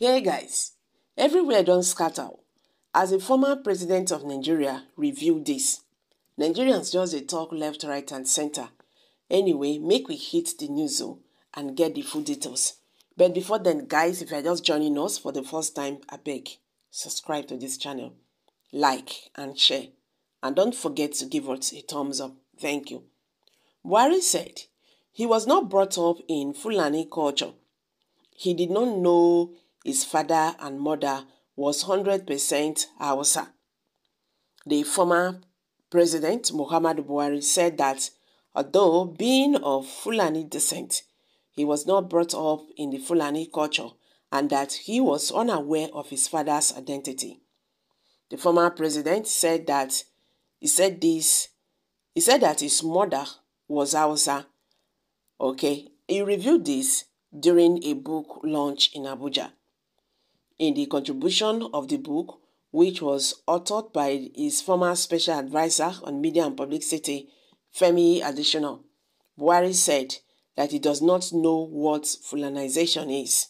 Hey guys, everywhere don't scatter. As a former president of Nigeria review this, Nigerians just a talk left, right, and center. Anyway, make we hit the news zone oh, and get the full details. But before then, guys, if you're just joining us for the first time, I beg, subscribe to this channel, like and share, and don't forget to give us a thumbs up. Thank you. Wari said he was not brought up in Fulani culture. He did not know his father and mother was 100% Hausa. The former president, Muhammad Buhari, said that although being of Fulani descent, he was not brought up in the Fulani culture and that he was unaware of his father's identity. The former president said that he said this, he said that his mother was Hausa. Okay, he reviewed this during a book launch in Abuja in the contribution of the book, which was authored by his former special advisor on media and publicity, Femi Adesina, Buhari said that he does not know what fulanization is.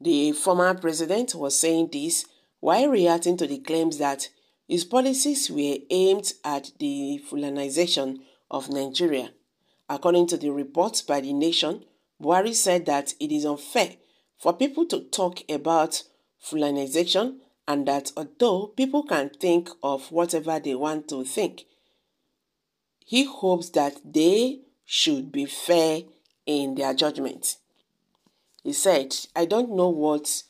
The former president was saying this while reacting to the claims that his policies were aimed at the fulanization of Nigeria. According to the report by The Nation, Buhari said that it is unfair for people to talk about Fulanization and that although people can think of whatever they want to think, he hopes that they should be fair in their judgment. He said, I don't know what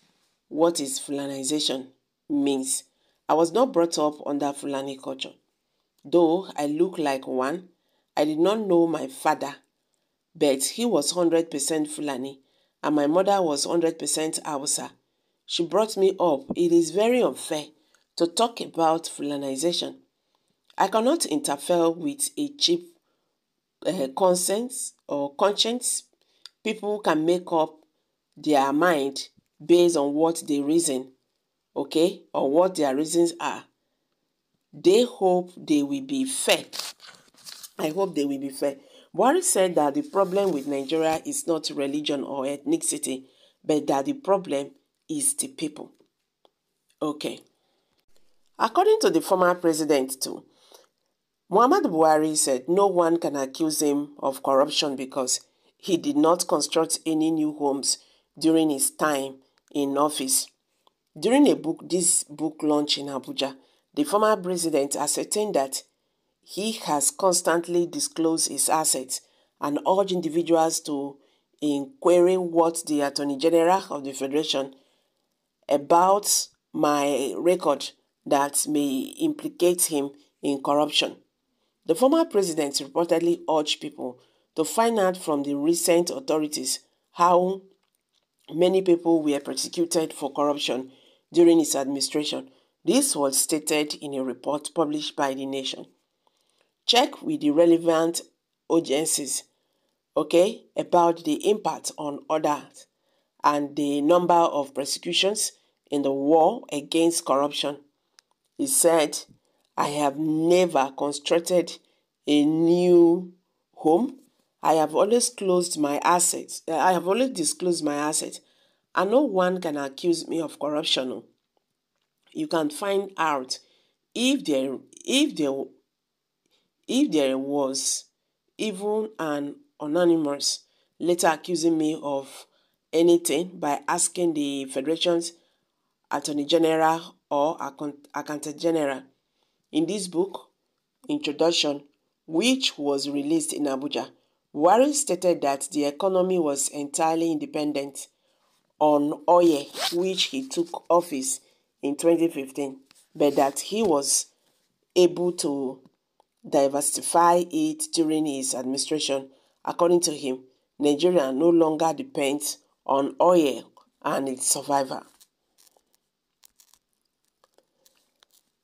what is Fulanization means. I was not brought up under Fulani culture. Though I look like one, I did not know my father, but he was 100% Fulani and my mother was 100% Hausa. She brought me up. It is very unfair to talk about Fulanization. I cannot interfere with a cheap uh, conscience or conscience. People can make up their mind based on what they reason, okay, or what their reasons are. They hope they will be fair. I hope they will be fair. Buhari said that the problem with Nigeria is not religion or ethnicity, but that the problem is the people. Okay. According to the former president, too, Muhammad Buhari said no one can accuse him of corruption because he did not construct any new homes during his time in office. During a book, this book launch in Abuja, the former president ascertained that he has constantly disclosed his assets and urged individuals to inquire what the Attorney General of the Federation about my record that may implicate him in corruption. The former president reportedly urged people to find out from the recent authorities how many people were prosecuted for corruption during his administration. This was stated in a report published by The Nation check with the relevant agencies, okay, about the impact on others and the number of prosecutions in the war against corruption. He said, I have never constructed a new home. I have always closed my assets. I have always disclosed my assets. And no one can accuse me of corruption. Oh. You can find out if there if there if there was even an anonymous letter accusing me of anything by asking the Federation's Attorney General or Accountant General. In this book, Introduction, which was released in Abuja, Warren stated that the economy was entirely independent on oil, which he took office in 2015, but that he was able to diversify it during his administration. According to him, Nigeria no longer depends on oil and its survival.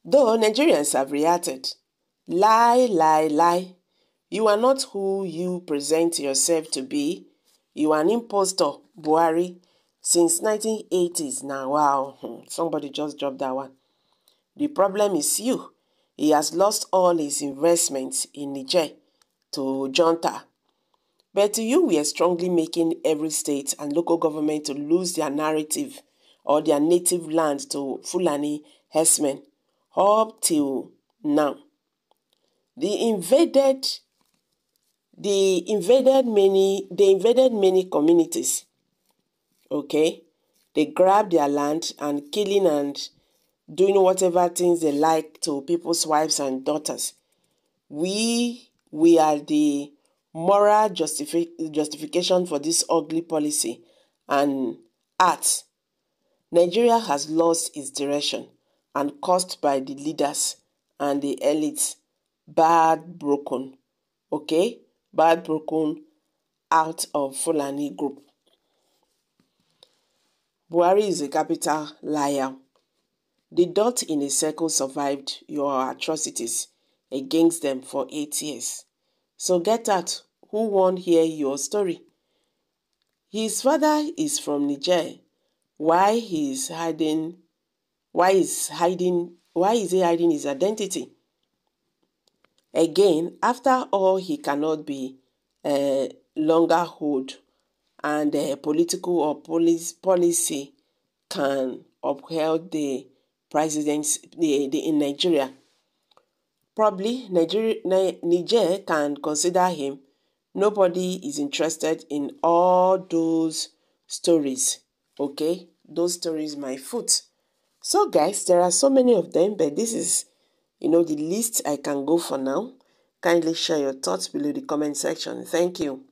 Though Nigerians have reacted, lie, lie, lie. You are not who you present yourself to be. You are an impostor, Buhari, since 1980s now. Wow, somebody just dropped that one. The problem is you. He has lost all his investments in Niger to junta. But you were strongly making every state and local government to lose their narrative or their native land to Fulani herdsmen up till now. The invaded they invaded many they invaded many communities. Okay? They grabbed their land and killing and doing whatever things they like to people's wives and daughters. We we are the moral justifi- justification for this ugly policy and art. Nigeria has lost its direction and caused by the leaders and the elites. Bad broken, okay? Bad broken out of Fulani group. Buhari is a capital liar. The dot in a circle survived your atrocities against them for eight years. So get out. Who won't hear your story? His father is from Niger. Why he is hiding? Why is hiding? Why is he hiding his identity? Again, after all, he cannot be uh, longer hold, and uh, political or police policy can uphold the presidents in Nigeria. Probably Niger can consider him. Nobody is interested in all those stories. Okay, those stories, my foot. So, guys, there are so many of them, but this is, you know, the list I can go for now. Kindly share your thoughts below the comment section. Thank you.